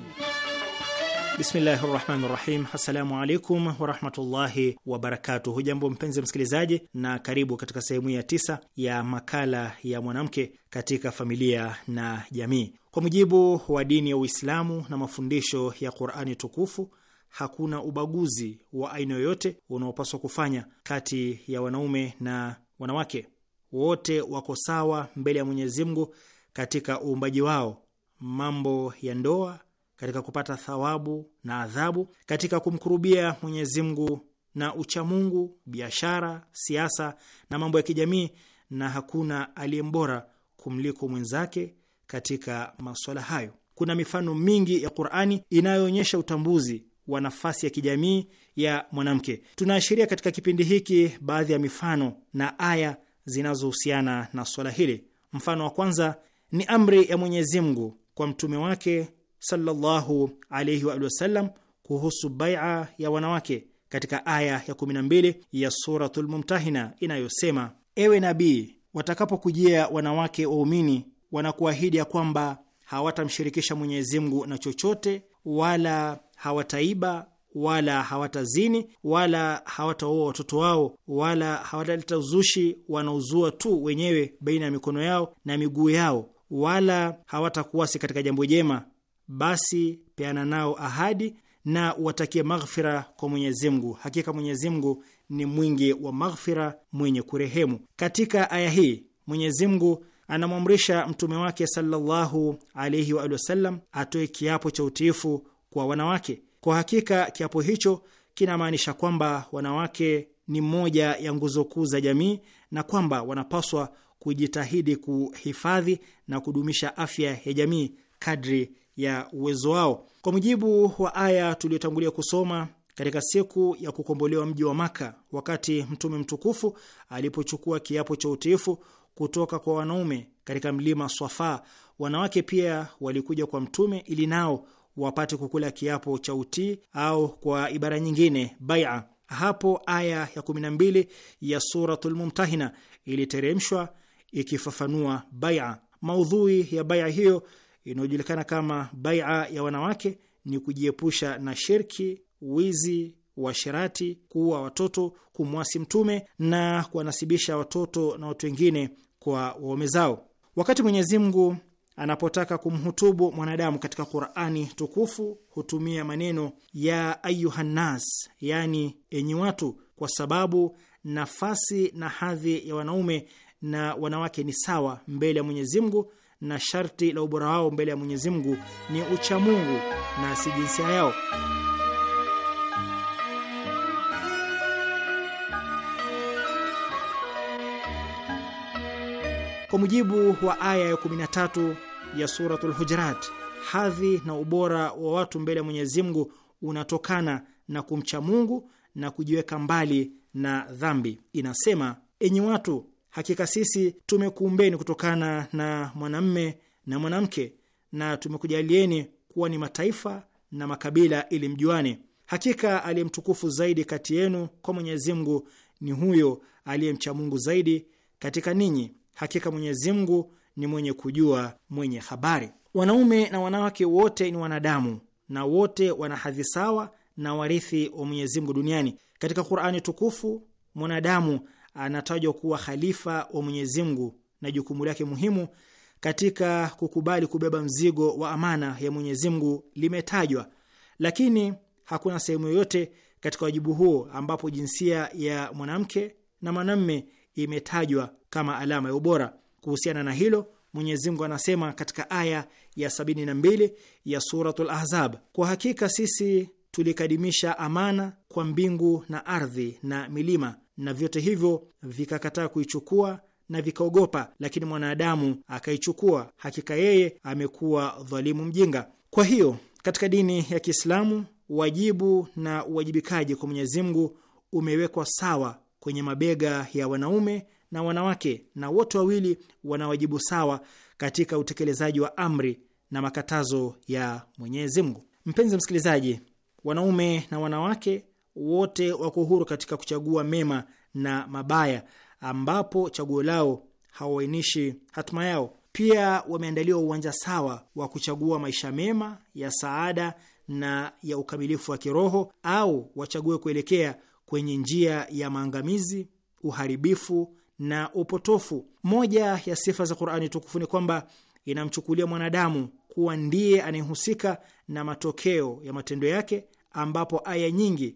S3: Bismillahi rahmani rahim. Assalamu alaikum warahmatullahi wabarakatuh. Hujambo mpenzi msikilizaji, na karibu katika sehemu ya tisa ya makala ya mwanamke katika familia na jamii. Kwa mujibu wa dini ya Uislamu na mafundisho ya Qurani tukufu hakuna ubaguzi wa aina yoyote unaopaswa kufanya kati ya wanaume na wanawake. Wote wako sawa mbele ya Mwenyezi Mungu katika uumbaji wao, mambo ya ndoa, katika kupata thawabu na adhabu, katika kumkurubia Mwenyezi Mungu na uchamungu, biashara, siasa na mambo ya kijamii, na hakuna aliye mbora kumliko mwenzake katika maswala hayo. Kuna mifano mingi ya Qur'ani inayoonyesha utambuzi wa nafasi ya kijamii ya mwanamke. Tunaashiria katika kipindi hiki baadhi ya mifano na aya zinazohusiana na swala hili. Mfano wa kwanza ni amri ya Mwenyezi Mungu kwa mtume wake sallallahu alayhi wa sallam kuhusu baia ya wanawake katika aya ya 12 ya Suratul Mumtahina inayosema: ewe nabii, watakapokujia wanawake waumini wanakuahidi ya kwamba hawatamshirikisha Mwenyezi Mungu na chochote, wala hawataiba wala hawatazini wala hawataua watoto wao wala hawataleta uzushi, wanauzua tu wenyewe baina ya mikono yao na miguu yao wala hawatakuasi katika jambo jema, basi peana nao ahadi na watakie maghfira kwa Mwenyezi Mungu. Hakika Mwenyezi Mungu ni mwingi wa maghfira, mwenye kurehemu. Katika aya hii Mwenyezi Mungu anamwamrisha mtume wake sallallahu alaihi wa wasallam atoe kiapo cha utiifu kwa wanawake. Kwa hakika kiapo hicho kinamaanisha kwamba wanawake ni moja ya nguzo kuu za jamii na kwamba wanapaswa kujitahidi kuhifadhi na kudumisha afya ya jamii kadri ya uwezo wao. Kwa mujibu wa aya tuliyotangulia kusoma katika siku ya kukombolewa mji wa Maka, wakati Mtume mtukufu alipochukua kiapo cha utiifu kutoka kwa wanaume katika mlima Swafa, wanawake pia walikuja kwa Mtume ili nao wapate kukula kiapo cha utii au kwa ibara nyingine baia. Hapo aya ya 12 ya Suratul Mumtahina iliteremshwa ikifafanua baia. Maudhui ya baia hiyo inayojulikana kama baia ya wanawake ni kujiepusha na shirki, wizi, uasherati, kuua watoto, kumwasi Mtume na kuwanasibisha watoto na watu wengine kwa waume zao. Wakati Mwenyezi Mungu anapotaka kumhutubu mwanadamu katika Qurani tukufu hutumia maneno ya ayuhannas, yaani enyi watu, kwa sababu nafasi na hadhi ya wanaume na wanawake ni sawa mbele ya Mwenyezi Mungu, na sharti la ubora wao mbele ya Mwenyezi Mungu ni uchamungu na si jinsia yao. Kwa mujibu wa aya ya 13 ya Suratul Hujurat, hadhi na ubora wa watu mbele ya Mwenyezi Mungu unatokana na kumcha Mungu na kujiweka mbali na dhambi. Inasema, enyi watu Hakika sisi tumekuumbeni kutokana na mwanamme na mwanamke na tumekujalieni kuwa ni mataifa na makabila ili mjuane. Hakika aliye mtukufu zaidi kati yenu kwa Mwenyezi Mungu ni huyo mcha Mungu zaidi katika ninyi. Hakika Mwenyezi Mungu ni mwenye kujua, mwenye habari. Wanaume na wanawake wote ni wanadamu na wote wana hadhi sawa na warithi wa Mwenyezi Mungu duniani. Katika Qur'ani tukufu mwanadamu anatajwa kuwa khalifa wa Mwenyezi Mungu na jukumu lake muhimu katika kukubali kubeba mzigo wa amana ya Mwenyezi Mungu limetajwa, lakini hakuna sehemu yoyote katika wajibu huo ambapo jinsia ya mwanamke na mwanamme imetajwa kama alama ya ubora. Kuhusiana na hilo, Mwenyezi Mungu anasema katika aya ya 72 ya Suratul Ahzab, kwa hakika sisi tulikadimisha amana kwa mbingu na ardhi na milima na vyote hivyo vikakataa kuichukua na vikaogopa, lakini mwanadamu akaichukua. Hakika yeye amekuwa dhalimu mjinga. Kwa hiyo katika dini ya Kiislamu wajibu na uwajibikaji kwa Mwenyezi Mungu umewekwa sawa kwenye mabega ya wanaume na wanawake, na wote wawili wana wajibu sawa katika utekelezaji wa amri na makatazo ya Mwenyezi Mungu. Mpenzi msikilizaji, wanaume na wanawake wote wako huru katika kuchagua mema na mabaya, ambapo chaguo lao hawainishi hatima yao. Pia wameandaliwa uwanja sawa wa kuchagua maisha mema ya saada na ya ukamilifu wa kiroho, au wachague kuelekea kwenye njia ya maangamizi, uharibifu na upotofu. Moja ya sifa za Qur'ani tukufu ni kwamba inamchukulia mwanadamu kuwa ndiye anayehusika na matokeo ya matendo yake, ambapo aya nyingi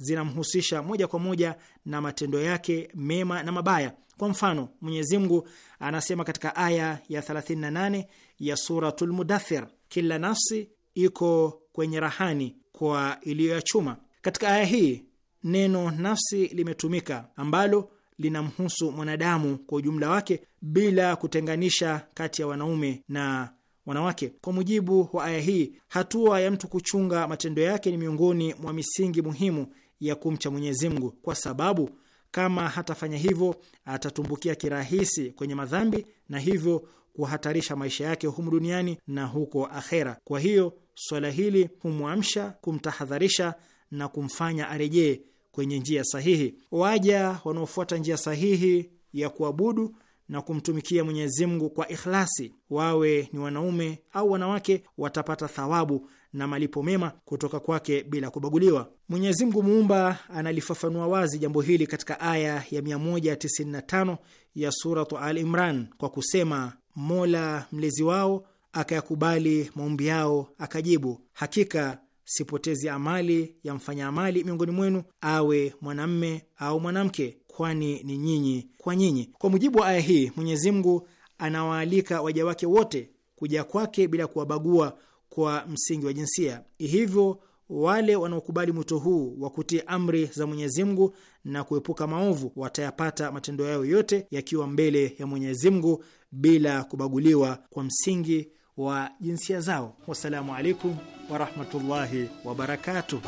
S3: zinamhusisha moja kwa moja na matendo yake mema na mabaya. Kwa mfano, Mwenyezi Mungu anasema katika aya ya 38 ya Suratul Mudathir, kila nafsi iko kwenye rahani kwa iliyoyachuma. Katika aya hii neno nafsi limetumika ambalo linamhusu mwanadamu kwa ujumla wake bila kutenganisha kati ya wanaume na wanawake. Kwa mujibu wa aya hii, hatua ya mtu kuchunga matendo yake ni miongoni mwa misingi muhimu ya kumcha Mwenyezi Mungu, kwa sababu kama hatafanya hivyo atatumbukia kirahisi kwenye madhambi na hivyo kuhatarisha maisha yake humu duniani na huko akhera. Kwa hiyo swala hili humwamsha, kumtahadharisha na kumfanya arejee kwenye njia sahihi. Waja wanaofuata njia sahihi ya kuabudu na kumtumikia Mwenyezi Mungu kwa ikhlasi, wawe ni wanaume au wanawake, watapata thawabu na malipo mema kutoka kwake bila kubaguliwa. Mwenyezi Mungu muumba analifafanua wazi jambo hili katika aya ya 195 ya Suratu Al Imran kwa kusema, Mola mlezi wao akayakubali maombi yao, akajibu, hakika sipotezi amali ya mfanya amali miongoni mwenu, awe mwanamme au mwanamke, kwani ni nyinyi kwa nyinyi. Kwa mujibu wa aya hii, Mwenyezi Mungu anawaalika waja wake wote kuja kwake bila kuwabagua kwa msingi wa jinsia. Hivyo wale wanaokubali mwito huu wa kutii amri za Mwenyezi Mungu na kuepuka maovu watayapata matendo yao yote yakiwa mbele ya Mwenyezi Mungu bila kubaguliwa kwa msingi wa jinsia zao. Wassalamu alaikum warahmatullahi wabarakatuh.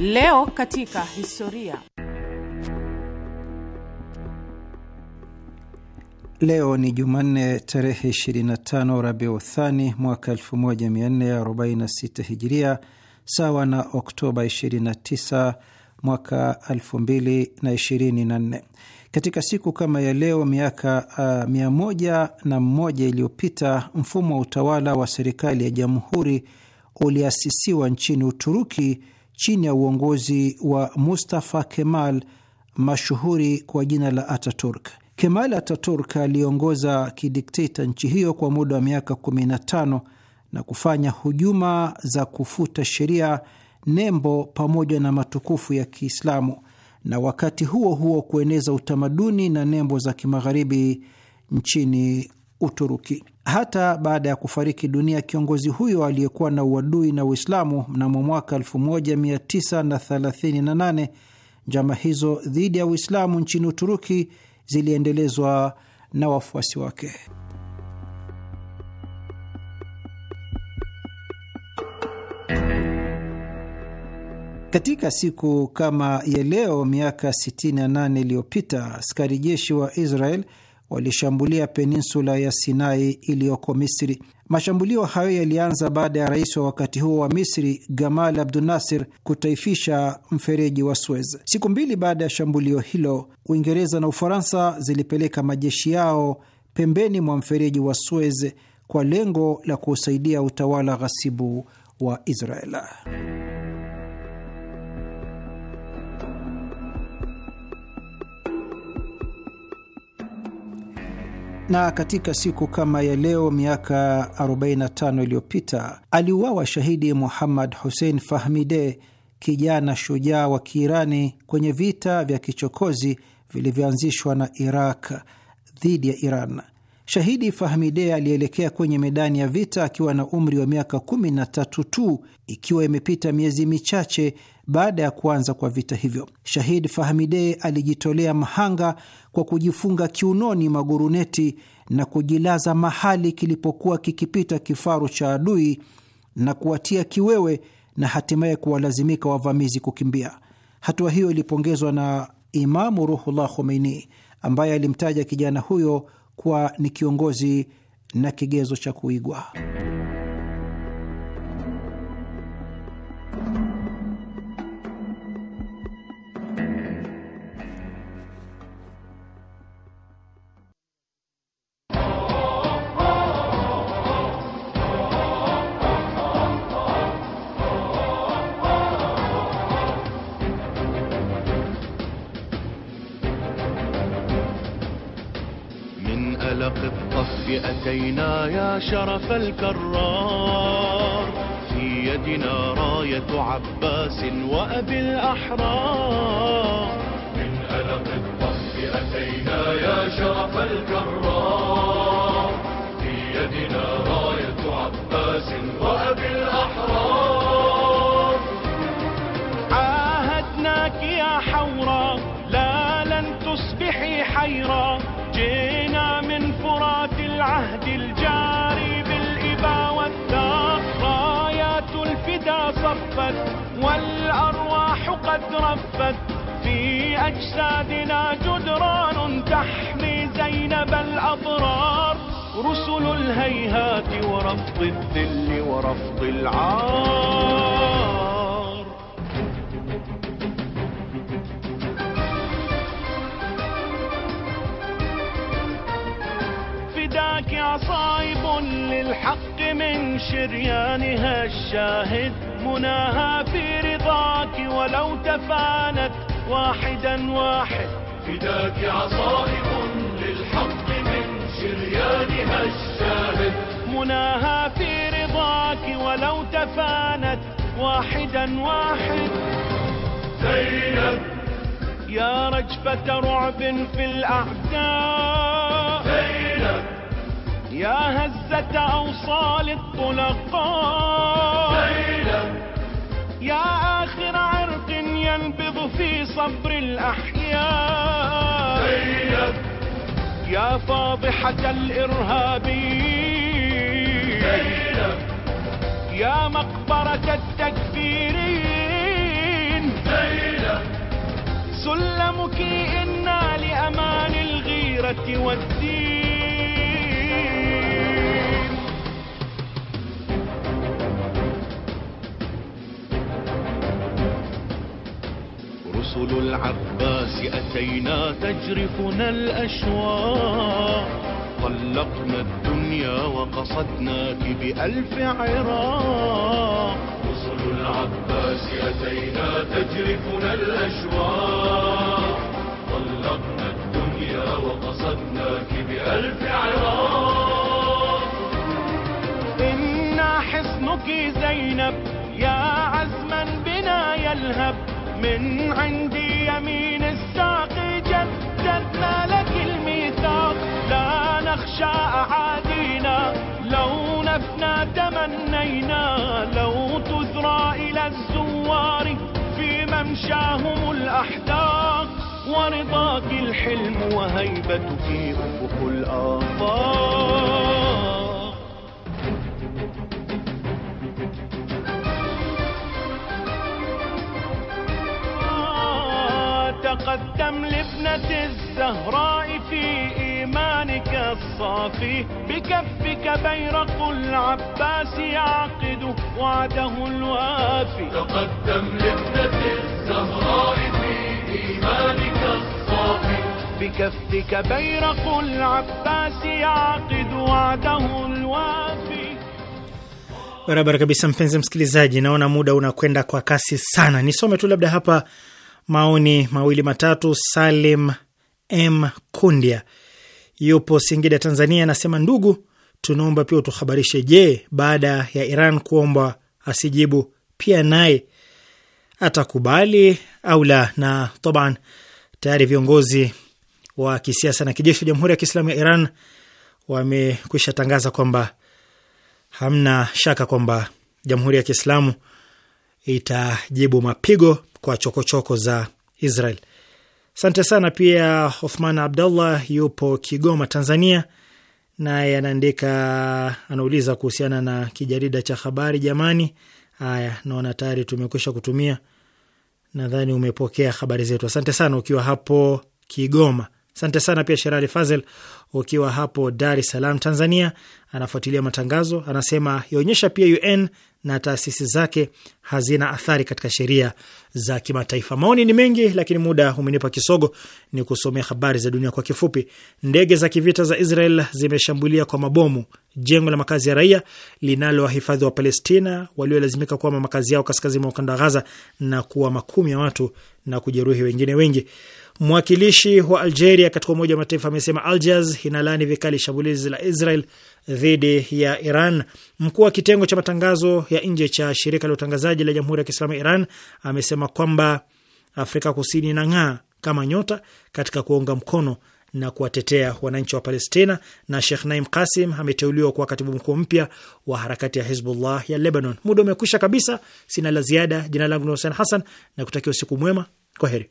S2: Leo katika historia.
S4: Leo ni Jumanne tarehe 25 Rabiuthani mwaka 1446 Hijiria, sawa na Oktoba 29 mwaka 2024. Katika siku kama ya leo miaka uh, mia moja na mmoja iliyopita mfumo wa utawala wa serikali ya jamhuri uliasisiwa nchini Uturuki chini ya uongozi wa Mustafa Kemal mashuhuri kwa jina la Ataturk. Kemal Ataturk aliongoza kidikteta nchi hiyo kwa muda wa miaka 15 na kufanya hujuma za kufuta sheria, nembo pamoja na matukufu ya Kiislamu, na wakati huo huo kueneza utamaduni na nembo za kimagharibi nchini Uturuki hata baada ya kufariki dunia kiongozi huyo aliyekuwa na uadui na Uislamu mnamo mwaka 1938 njama hizo dhidi ya Uislamu nchini Uturuki ziliendelezwa na wafuasi wake. Katika siku kama ya leo miaka 68 iliyopita askari jeshi wa Israel walishambulia peninsula ya Sinai iliyoko Misri. Mashambulio hayo yalianza baada ya rais wa wakati huo wa Misri, Gamal Abdu Nasir, kutaifisha mfereji wa Suez. Siku mbili baada ya shambulio hilo, Uingereza na Ufaransa zilipeleka majeshi yao pembeni mwa mfereji wa Suez kwa lengo la kusaidia utawala ghasibu wa Israel. na katika siku kama ya leo miaka 45 iliyopita aliuawa shahidi Muhammad Hussein Fahmide, kijana shujaa wa Kiirani kwenye vita vya kichokozi vilivyoanzishwa na Iraq dhidi ya Iran. Shahidi Fahmide alielekea kwenye medani ya vita akiwa na umri wa miaka 13 tu, ikiwa imepita miezi michache baada ya kuanza kwa vita hivyo. Shahid Fahamide alijitolea mahanga kwa kujifunga kiunoni maguruneti na kujilaza mahali kilipokuwa kikipita kifaru cha adui na kuwatia kiwewe na hatimaye kuwalazimika wavamizi kukimbia. Hatua hiyo ilipongezwa na Imamu Ruhullah Khomeini ambaye alimtaja kijana huyo kuwa ni kiongozi na kigezo cha kuigwa.
S5: أتينا يا شرف الكرار في يدنا راية عباس وأبي الأحرار قد رفت في أجسادنا جدران تحمي زينب الأبرار رسل الهيهات ورفض الذل ورفض العار فداك عصايب للحق من شريانها الشاهد مناها في عصاك ولو تفانت واحدا واحد فداك عصائب للحق من شريانها الشاهد مناها في رضاك ولو تفانت واحدا واحد زينب يا رجفة رعب في الأعداء زينب يا هزة أوصال الطلقاء زينب يا آخر عرق ينبض في صبر الأحياء زينب يا فاضحة الإرهابيين يا مقبرة التكفيرين سلمك إنا لأمان الغيرة والدين رسل العباس أتينا تجرفنا الأشواق طلقنا الدنيا وقصدناك بألف عراق رسل العباس أتينا تجرفنا الأشواق طلقنا الدنيا وقصدناك بألف
S6: عراق
S5: إنا حصنك زينب يا عزما بنا يلهب من عند يمين الساقي جددنا لك الميثاق لا نخشى أعادينا لو نفنا تمنينا لو تزرى إلى الزوار في ممشاهم الأحداق ورضاك الحلم وهيبتك أفق الآفاق تقدم لابنة الزهراء في إيمانك الصافي بكفك بيرق العباس يعقد وعده الوافي تقدم لابنة الزهراء في إيمانك الصافي بكفك بيرق العباس يعقد وعده الوافي
S3: Barabara kabisa mpenzi msikilizaji, naona muda unakwenda kwa kasi sana. Nisome tu labda hapa maoni mawili matatu. Salim M Kundia yupo Singida, Tanzania, anasema ndugu, tunaomba pia utuhabarishe, je, baada ya Iran kuomba asijibu pia naye atakubali au la? Na taban tayari viongozi wa kisiasa na kijeshi wa Jamhuri ya Kiislamu ya Iran wamekwisha tangaza kwamba hamna shaka kwamba Jamhuri ya Kiislamu itajibu mapigo kwa chokochoko choko za Israel. Asante sana pia Othman Abdallah yupo Kigoma, Tanzania, naye anaandika, anauliza kuhusiana na kijarida cha habari. Jamani, haya naona tayari tumekwisha kutumia, nadhani umepokea habari zetu. Asante sana ukiwa hapo Kigoma. Asante sana pia Sherali Fazel ukiwa hapo Dar es Salaam, Tanzania, anafuatilia matangazo. Anasema yaonyesha pia UN na taasisi zake hazina athari katika sheria za kimataifa. Maoni ni mengi, lakini muda umenipa kisogo, ni kusomea habari za dunia kwa kifupi. Ndege za kivita za Israel zimeshambulia kwa mabomu jengo la makazi ya raia linalowahifadhi wa Palestina waliolazimika kuhama makazi yao kaskazini mwa ukanda wa Gaza na kuwa makumi ya watu na kujeruhi wengine wengi. Mwakilishi wa Algeria katika Umoja wa Mataifa amesema Algiers inalaani vikali shambulizi la Israel dhidi ya Iran. Mkuu wa kitengo cha matangazo ya nje cha shirika la utangazaji la Jamhuri ya Kiislamu Iran amesema kwamba Afrika Kusini inang'aa kama nyota katika kuunga mkono na kuwatetea wananchi wa Palestina. Na Shekh Naim Kasim ameteuliwa kuwa katibu mkuu mpya wa harakati ya Hizbullah ya Lebanon. Muda umekwisha kabisa, sina la ziada. Jina langu ni Hussein Hassan na kutakia usiku mwema. Kwa heri.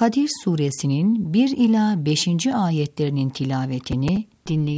S6: Kadir suresinin 1 ila 5. ayetlerinin tilavetini dinleyin.